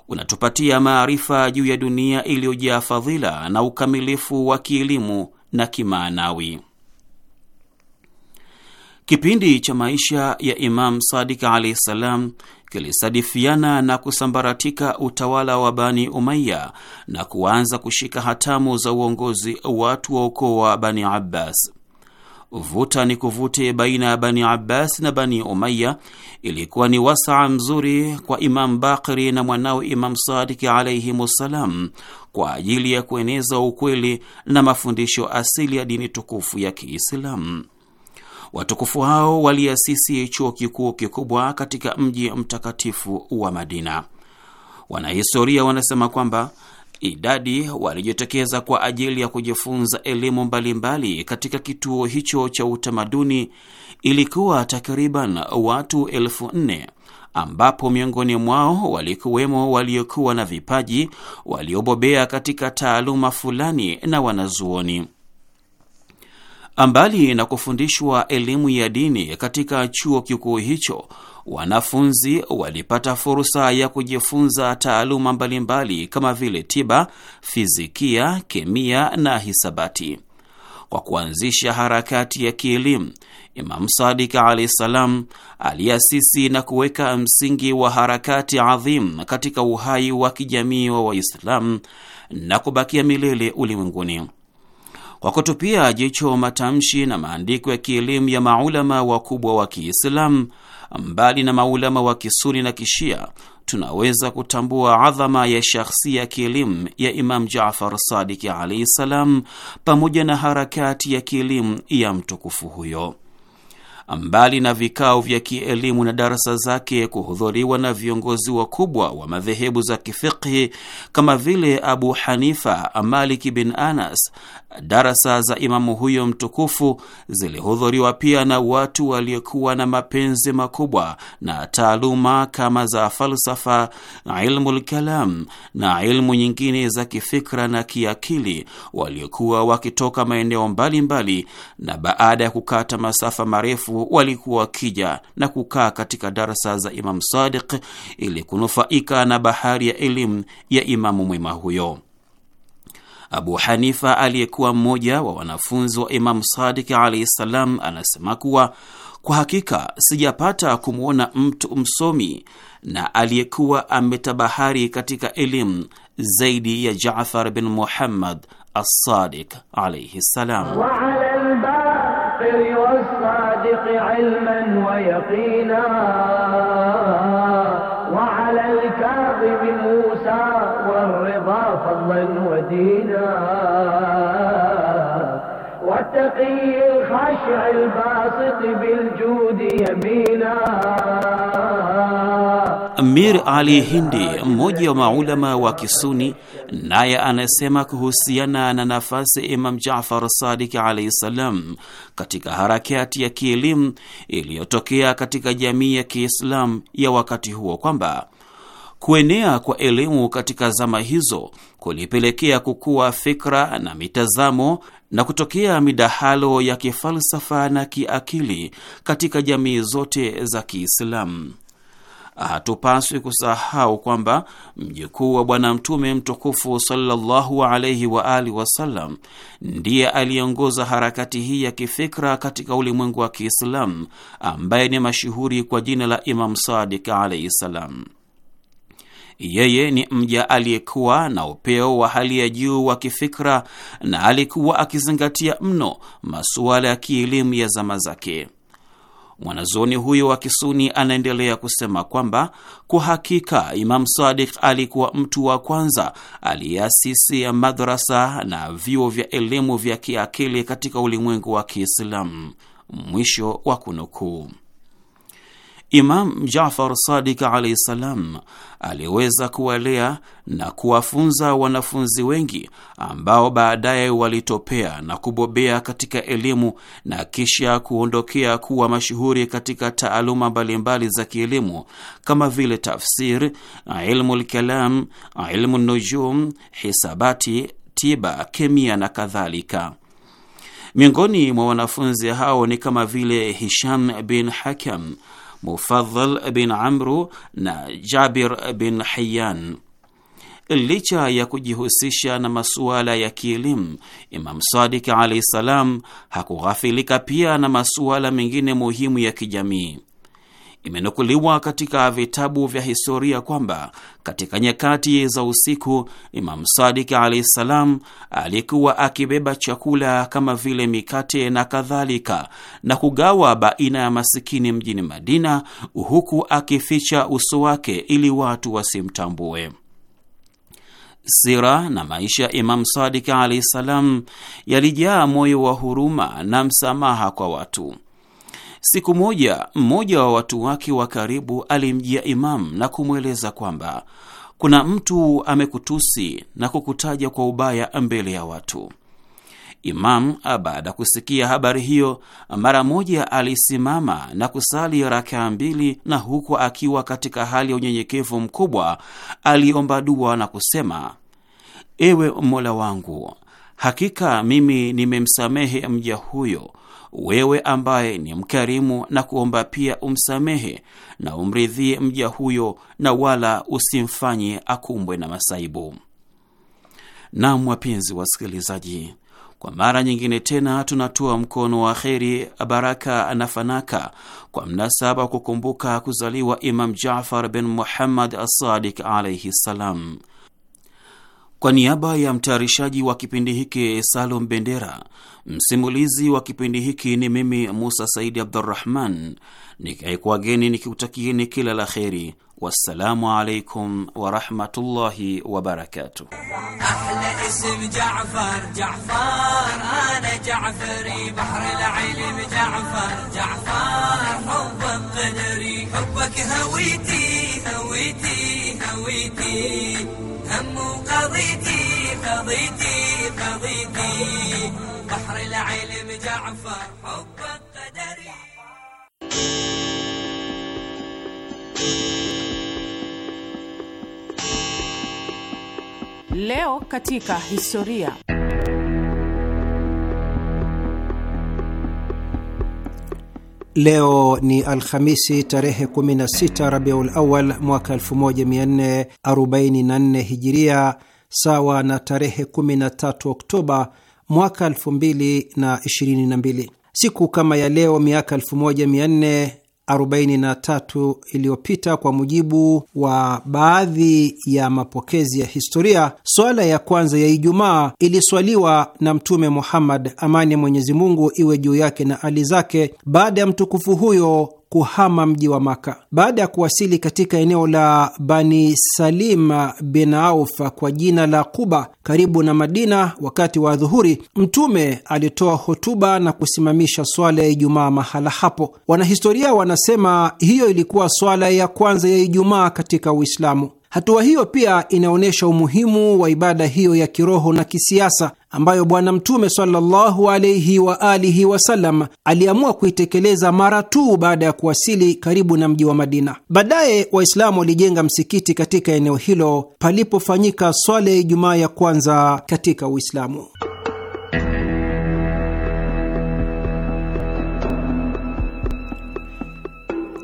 unatupatia maarifa juu ya dunia iliyojaa fadhila na ukamilifu wa kielimu na kimaanawi. Kipindi cha maisha ya Imam Sadik alaihi ssalam kilisadifiana na kusambaratika utawala wa Bani Umaya na kuanza kushika hatamu za uongozi watu wa ukoo wa Bani Abbas. Vuta ni kuvute baina ya Bani Abbas na Bani Umaya ilikuwa ni wasaa mzuri kwa Imam Bakri na mwanawe Imam Sadiki alaihimussalam kwa ajili ya kueneza ukweli na mafundisho asili ya dini tukufu ya Kiislamu. Watukufu hao waliasisi chuo kikuu kikubwa katika mji mtakatifu wa Madina. Wanahistoria wanasema kwamba idadi walijitokeza kwa ajili ya kujifunza elimu mbalimbali katika kituo hicho cha utamaduni ilikuwa takriban watu elfu nne ambapo miongoni mwao walikuwemo waliokuwa na vipaji, waliobobea katika taaluma fulani na wanazuoni. Mbali na kufundishwa elimu ya dini katika chuo kikuu hicho, wanafunzi walipata fursa ya kujifunza taaluma mbalimbali kama vile tiba, fizikia, kemia na hisabati. Kwa kuanzisha harakati ya kielimu, Imam Sadik alahi salam aliasisi na kuweka msingi wa harakati adhim katika uhai wa kijamii wa Waislamu na kubakia milele ulimwenguni. Kwa kutupia jicho matamshi na maandiko ya kielimu ya maulama wakubwa wa Kiislamu, mbali na maulama wa kisuni na kishia, tunaweza kutambua adhama ya shakhsia ya kielimu ya Imam Jafar Sadiki alaihi salam, pamoja na harakati ya kielimu ya mtukufu huyo mbali na vikao vya kielimu na darasa zake kuhudhuriwa na viongozi wakubwa wa madhehebu za kifiqhi kama vile Abu Hanifa, Maliki bin Anas. Darasa za imamu huyo mtukufu zilihudhuriwa pia na watu waliokuwa na mapenzi makubwa na taaluma kama za falsafa, ilmu lkalam na ilmu nyingine za kifikra na kiakili, waliokuwa wakitoka maeneo mbalimbali, na baada ya kukata masafa marefu walikuwa wakija na kukaa katika darasa za Imamu Sadiq ili kunufaika na bahari ya elimu ya imamu mwema huyo. Abu Hanifa aliyekuwa mmoja wa wanafunzi wa Imamu Sadiq alaihi ssalam, anasema kuwa kwa hakika sijapata kumwona mtu msomi na aliyekuwa ametabahari katika elimu zaidi ya Jafar bin Muhammad Assadik alaihi ssalam. علما ويقينا وعلى الكاظم موسى والرضا فضلا ودينا والتقي الخشع الباسط بالجود يمينا Amir Ali Hindi, mmoja wa maulama wa Kisuni, naye anasema kuhusiana na nafasi Imam Jafar Sadik alaihi salam katika harakati ya kielimu iliyotokea katika jamii ya Kiislamu ya wakati huo kwamba kuenea kwa elimu katika zama hizo kulipelekea kukua fikra na mitazamo na kutokea midahalo ya kifalsafa na kiakili katika jamii zote za Kiislamu hatupaswi kusahau kwamba mjukuu wa Bwana Mtume mtukufu sallallahu alaihi wa alihi wasallam ndiye aliyeongoza harakati hii ya kifikra katika ulimwengu wa Kiislamu, ambaye ni mashuhuri kwa jina la Imam Sadik alaihi salam. Yeye ni mja aliyekuwa na upeo wa hali ya juu wa kifikra na alikuwa akizingatia mno masuala ya kielimu ya zama zake mwanazuoni huyo wa Kisuni anaendelea kusema kwamba kwa hakika Imam Sadik alikuwa mtu wa kwanza aliyeasisi ya madrasa na vyuo vya elimu vya kiakili katika ulimwengu wa Kiislamu. Mwisho wa kunukuu. Imam Jafar Sadiq alaihi salam aliweza kuwalea na kuwafunza wanafunzi wengi ambao baadaye walitopea na kubobea katika elimu na kisha kuondokea kuwa mashuhuri katika taaluma mbalimbali za kielimu kama vile tafsir, ilmu lkalam, ilmu nujum, hisabati, tiba, kemia na kadhalika. Miongoni mwa wanafunzi hao ni kama vile Hisham bin Hakam Mufadhal bin Amru na Jabir bin Hiyan. Licha ya kujihusisha na masuala ya kielimu, Imam Sadik alaihi salam hakughafilika pia na masuala mengine muhimu ya kijamii. Imenukuliwa katika vitabu vya historia kwamba katika nyakati za usiku Imamu Sadik alahi ssalam alikuwa akibeba chakula kama vile mikate na kadhalika, na kugawa baina ya masikini mjini Madina, huku akificha uso wake ili watu wasimtambue. Sira na maisha ya Imamu Sadik alahi ssalam yalijaa moyo wa huruma na msamaha kwa watu. Siku moja mmoja wa watu wake wa karibu alimjia Imamu na kumweleza kwamba kuna mtu amekutusi na kukutaja kwa ubaya mbele ya watu. Imamu ah, baada ya kusikia habari hiyo, mara moja alisimama na kusali rakaa mbili, na huku akiwa katika hali ya unyenyekevu mkubwa, aliomba dua na kusema: ewe Mola wangu, hakika mimi nimemsamehe mja huyo wewe ambaye ni mkarimu na kuomba pia umsamehe na umridhie mja huyo na wala usimfanye akumbwe na masaibu. Nam, wapenzi wasikilizaji, kwa mara nyingine tena tunatoa mkono wa kheri, baraka na fanaka kwa mnasaba wa kukumbuka kuzaliwa Imam Jafar bin Muhammad Asadik alaihi ssalam. Kwa niaba ya mtayarishaji wa kipindi hiki Salum Bendera, msimulizi wa kipindi hiki ni mimi Musa Saidi Abdurrahman, nikaekuwageni nikiutakieni kila la kheri. Wassalamu alaikum warahmatullahi wabarakatuh. Leo katika historia. Leo ni Alhamisi tarehe 16 Rabiul Awal mwaka 1444 Hijiria, sawa na tarehe 13 Oktoba mwaka 2022. Siku kama ya leo miaka 1443 iliyopita, kwa mujibu wa baadhi ya mapokezi ya historia, swala ya kwanza ya Ijumaa iliswaliwa na Mtume Muhammad, amani ya Mwenyezi Mungu iwe juu yake na ali zake, baada ya mtukufu huyo kuhama mji wa Maka. Baada ya kuwasili katika eneo la Bani Salim bin Auf kwa jina la Quba karibu na Madina wakati wa dhuhuri, Mtume alitoa hotuba na kusimamisha swala ya Ijumaa mahala hapo. Wanahistoria wanasema hiyo ilikuwa swala ya kwanza ya Ijumaa katika Uislamu. Hatua hiyo pia inaonyesha umuhimu wa ibada hiyo ya kiroho na kisiasa ambayo Bwana Mtume sallallahu alaihi wa alihi wasallam aliamua kuitekeleza mara tu baada ya kuwasili karibu na mji wa Madina. Baadaye Waislamu walijenga msikiti katika eneo hilo palipofanyika swala ya Ijumaa ya kwanza katika Uislamu.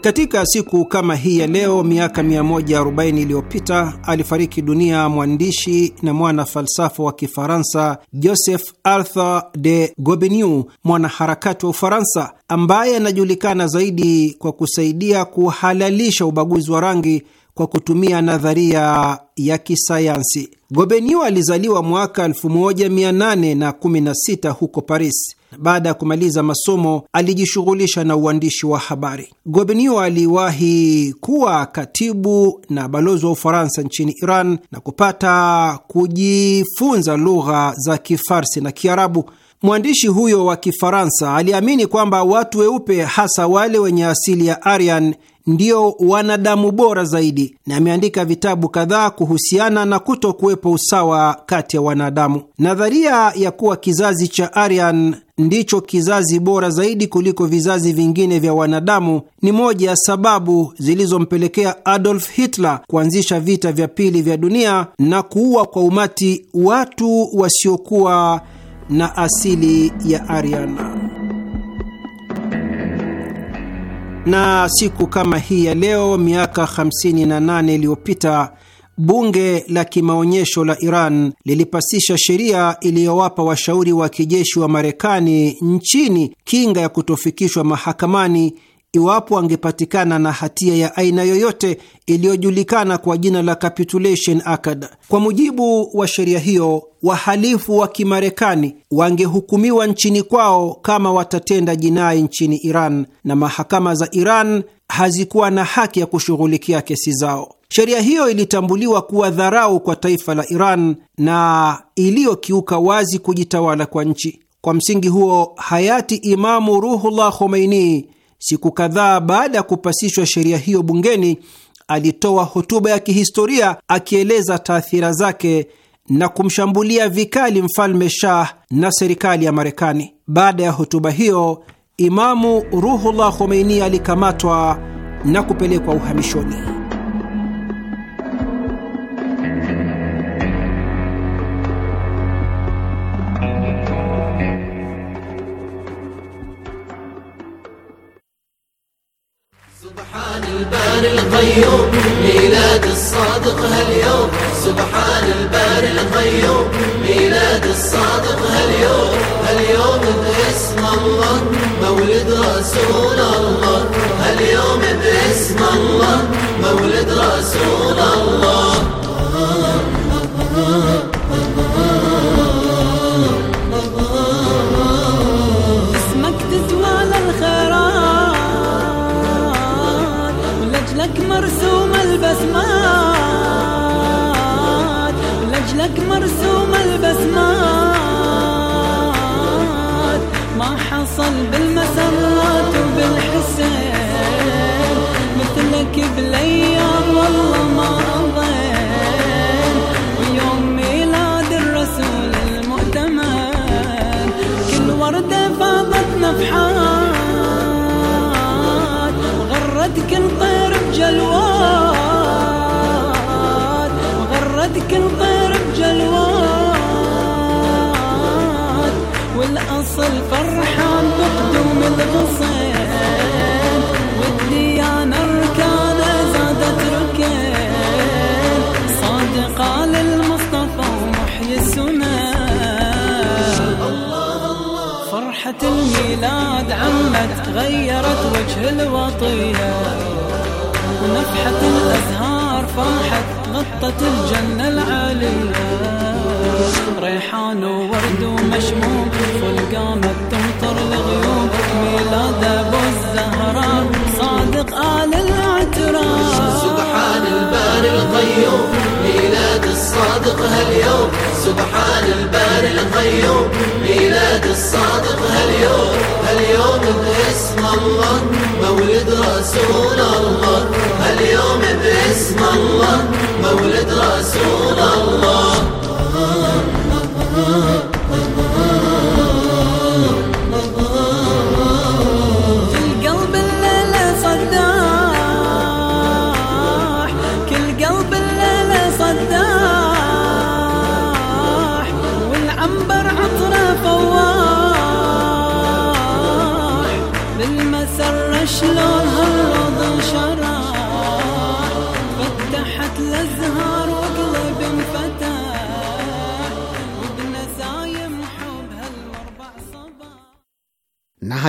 Katika siku kama hii ya leo miaka 140 iliyopita alifariki dunia mwandishi na mwana falsafa wa Kifaransa Joseph Arthur de Gobineau, mwanaharakati wa Ufaransa ambaye anajulikana zaidi kwa kusaidia kuhalalisha ubaguzi wa rangi kwa kutumia nadharia ya kisayansi. Gobineau alizaliwa mwaka 1816 huko Paris. Baada ya kumaliza masomo, alijishughulisha na uandishi wa habari. Gobenio aliwahi kuwa katibu na balozi wa Ufaransa nchini Iran na kupata kujifunza lugha za Kifarsi na Kiarabu. Mwandishi huyo wa Kifaransa aliamini kwamba watu weupe, hasa wale wenye asili ya Aryan, ndio wanadamu bora zaidi na ameandika vitabu kadhaa kuhusiana na kuto kuwepo usawa kati ya wanadamu. Nadharia ya kuwa kizazi cha Aryan ndicho kizazi bora zaidi kuliko vizazi vingine vya wanadamu ni moja ya sababu zilizompelekea Adolf Hitler kuanzisha vita vya pili vya dunia na kuua kwa umati watu wasiokuwa na asili ya Aryan. Na siku kama hii ya leo miaka 58 iliyopita bunge la kimaonyesho la Iran lilipasisha sheria iliyowapa washauri wa kijeshi wa Marekani nchini kinga ya kutofikishwa mahakamani iwapo angepatikana na hatia ya aina yoyote iliyojulikana kwa jina la capitulation acad. Kwa mujibu wa sheria hiyo, wahalifu wa Kimarekani wangehukumiwa nchini kwao kama watatenda jinai nchini Iran, na mahakama za Iran hazikuwa na haki ya kushughulikia kesi zao. Sheria hiyo ilitambuliwa kuwa dharau kwa taifa la Iran na iliyokiuka wazi kujitawala kwa nchi. Kwa msingi huo, hayati Imamu Ruhullah Khomeini Siku kadhaa baada ya kupasishwa sheria hiyo bungeni, alitoa hotuba ya kihistoria akieleza taathira zake na kumshambulia vikali mfalme Shah na serikali ya Marekani. Baada ya hotuba hiyo, Imamu Ruhullah Khomeini alikamatwa na kupelekwa uhamishoni. البار القيوم ميلاد الصادق هاليوم سبحان الباري القيوم ميلاد الصادق هاليوم هاليوم باسم الله مولد رسول الله هاليوم باسم الله مولد رسول الله صفحات غردك نطير طير بجلوات غرد كل بجلوات والأصل فرحان بقدوم الغصن فرحة الميلاد عمت غيرت وجه الوطية ونفحة الأزهار فاحت غطت الجنة العالية ريحان وورد ومشموم فل قامت تمطر الغيوم ميلاد أبو الزهراء صادق آل الاعتراف سبحان الباري القيوم ميلاد الصادق هاليوم سبحان الباري الغيوم ميلاد الصادق هاليوم هاليوم باسم الله مولد رسول الله هاليوم باسم الله مولد